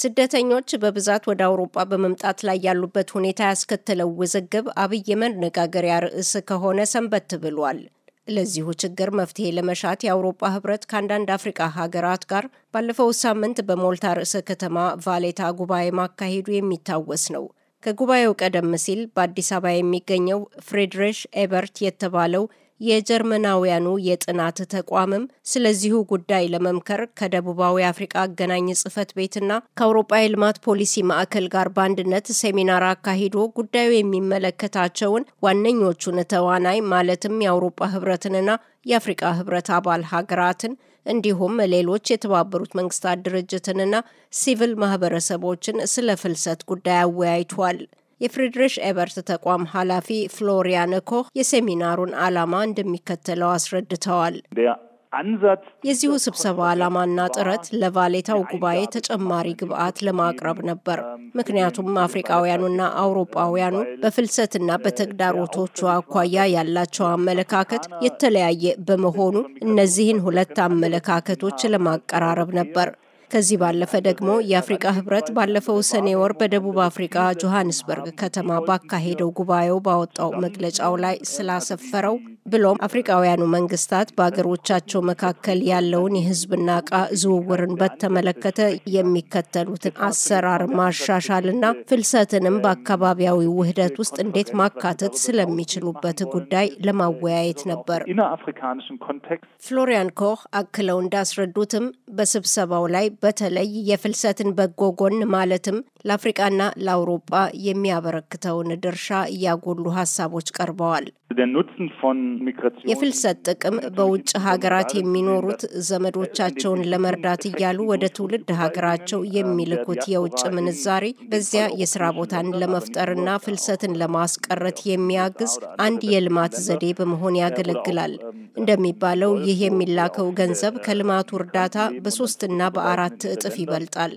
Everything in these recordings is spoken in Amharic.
ስደተኞች በብዛት ወደ አውሮጳ በመምጣት ላይ ያሉበት ሁኔታ ያስከተለው ውዝግብ አብይ መነጋገሪያ ርዕስ ከሆነ ሰንበት ብሏል። ለዚሁ ችግር መፍትሄ ለመሻት የአውሮጳ ህብረት ከአንዳንድ አፍሪቃ ሀገራት ጋር ባለፈው ሳምንት በሞልታ ርዕሰ ከተማ ቫሌታ ጉባኤ ማካሄዱ የሚታወስ ነው። ከጉባኤው ቀደም ሲል በአዲስ አበባ የሚገኘው ፍሬድሪሽ ኤበርት የተባለው የጀርመናውያኑ የጥናት ተቋምም ስለዚሁ ጉዳይ ለመምከር ከደቡባዊ አፍሪቃ አገናኝ ጽህፈት ቤትና ከአውሮጳ የልማት ፖሊሲ ማዕከል ጋር በአንድነት ሴሚናር አካሂዶ ጉዳዩ የሚመለከታቸውን ዋነኞቹን ተዋናይ ማለትም የአውሮጳ ህብረትንና የአፍሪቃ ህብረት አባል ሀገራትን እንዲሁም ሌሎች የተባበሩት መንግስታት ድርጅትንና ሲቪል ማህበረሰቦችን ስለ ፍልሰት ጉዳይ አወያይቷል። የፍሪድሪሽ ኤበርት ተቋም ኃላፊ ፍሎሪያን ኮህ የሴሚናሩን ዓላማ እንደሚከተለው አስረድተዋል። የዚሁ ስብሰባ ዓላማና ጥረት ለቫሌታው ጉባኤ ተጨማሪ ግብዓት ለማቅረብ ነበር። ምክንያቱም አፍሪቃውያኑና አውሮጳውያኑ በፍልሰትና በተግዳሮቶቹ አኳያ ያላቸው አመለካከት የተለያየ በመሆኑ እነዚህን ሁለት አመለካከቶች ለማቀራረብ ነበር። ከዚህ ባለፈ ደግሞ የአፍሪቃ ህብረት ባለፈው ሰኔ ወር በደቡብ አፍሪቃ ጆሃንስበርግ ከተማ ባካሄደው ጉባኤው ባወጣው መግለጫው ላይ ስላሰፈረው ብሎም አፍሪቃውያኑ መንግስታት በአገሮቻቸው መካከል ያለውን የህዝብና እቃ ዝውውርን በተመለከተ የሚከተሉትን አሰራር ማሻሻልና ፍልሰትንም በአካባቢያዊ ውህደት ውስጥ እንዴት ማካተት ስለሚችሉበት ጉዳይ ለማወያየት ነበር። ፍሎሪያን ኮህ አክለው እንዳስረዱትም በስብሰባው ላይ በተለይ የፍልሰትን በጎ ጎን ማለትም ለአፍሪቃና ለአውሮጳ የሚያበረክተውን ድርሻ እያጎሉ ሀሳቦች ቀርበዋል። የፍልሰት ጥቅም በውጭ ሀገራት የሚኖሩት ዘመዶቻቸውን ለመርዳት እያሉ ወደ ትውልድ ሀገራቸው የሚልኩት የውጭ ምንዛሬ በዚያ የስራ ቦታን ለመፍጠርና ፍልሰትን ለማስቀረት የሚያግዝ አንድ የልማት ዘዴ በመሆን ያገለግላል። እንደሚባለው ይህ የሚላከው ገንዘብ ከልማቱ እርዳታ በሶስትና በአራት አራት እጥፍ ይበልጣል።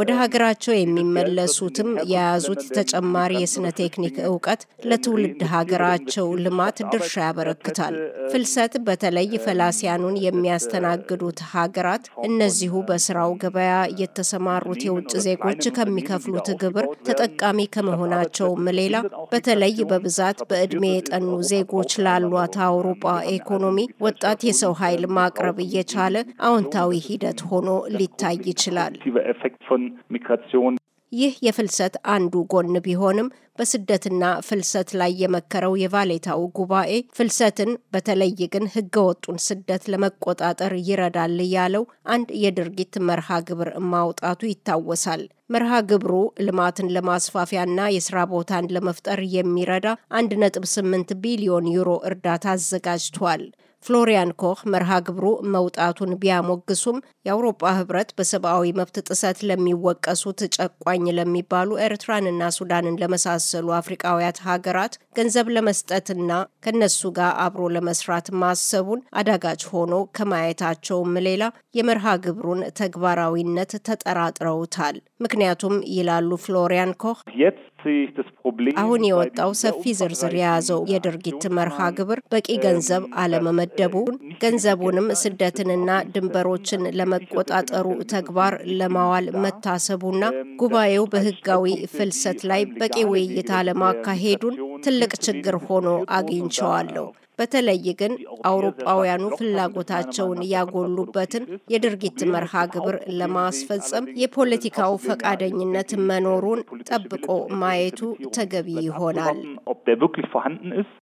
ወደ ሀገራቸው የሚመለሱትም የያዙት ተጨማሪ የስነ ቴክኒክ እውቀት ለትውልድ ሀገራቸው ልማት ድርሻ ያበረክታል። ፍልሰት በተለይ ፈላሲያኑን የሚያስተናግዱት ሀገራት እነዚሁ በስራው ገበያ የተሰማሩት የውጭ ዜጎች ከሚከፍሉት ግብር ተጠቃሚ ከመሆናቸውም ሌላ በተለይ በብዛት በእድሜ የጠኑ ዜጎች ላሏት አውሮፓ ኢኮኖሚ ወጣት የሰው ኃይል ማቅረብ እየቻለ አዎንታዊ ሂደት ሆኖ ሊታይ ሊታይ ይችላል። ይህ የፍልሰት አንዱ ጎን ቢሆንም በስደትና ፍልሰት ላይ የመከረው የቫሌታው ጉባኤ ፍልሰትን በተለይ ግን ህገወጡን ስደት ለመቆጣጠር ይረዳል ያለው አንድ የድርጊት መርሃ ግብር ማውጣቱ ይታወሳል። መርሃ ግብሩ ልማትን ለማስፋፊያና የስራ ቦታን ለመፍጠር የሚረዳ 1.8 ቢሊዮን ዩሮ እርዳታ አዘጋጅቷል። ፍሎሪያን ኮህ መርሃ ግብሩ መውጣቱን ቢያሞግሱም የአውሮፓ ህብረት በሰብአዊ መብት ጥሰት ለሚወቀሱት ጨቋኝ ለሚባሉ ኤርትራንና ሱዳንን ለመሳሰሉ አፍሪቃውያት ሀገራት ገንዘብ ለመስጠትና ከነሱ ጋር አብሮ ለመስራት ማሰቡን አዳጋች ሆኖ ከማየታቸውም ሌላ የመርሃ ግብሩን ተግባራዊነት ተጠራጥረውታል። ምክንያቱም ይላሉ ፍሎሪያን ኮህ አሁን የወጣው ሰፊ ዝርዝር የያዘው የድርጊት መርሃ ግብር በቂ ገንዘብ አለመመደቡን ገንዘቡንም ስደትንና ድንበሮችን ለመቆጣጠሩ ተግባር ለማዋል መታሰቡና ጉባኤው በህጋዊ ፍልሰት ላይ በቂ ውይይት አለማካሄዱን ትልቅ ችግር ሆኖ አግኝቸዋለሁ። በተለይ ግን አውሮፓውያኑ ፍላጎታቸውን ያጎሉበትን የድርጊት መርሃ ግብር ለማስፈጸም የፖለቲካው ፈቃደኝነት መኖሩን ጠብቆ ማየቱ ተገቢ ይሆናል።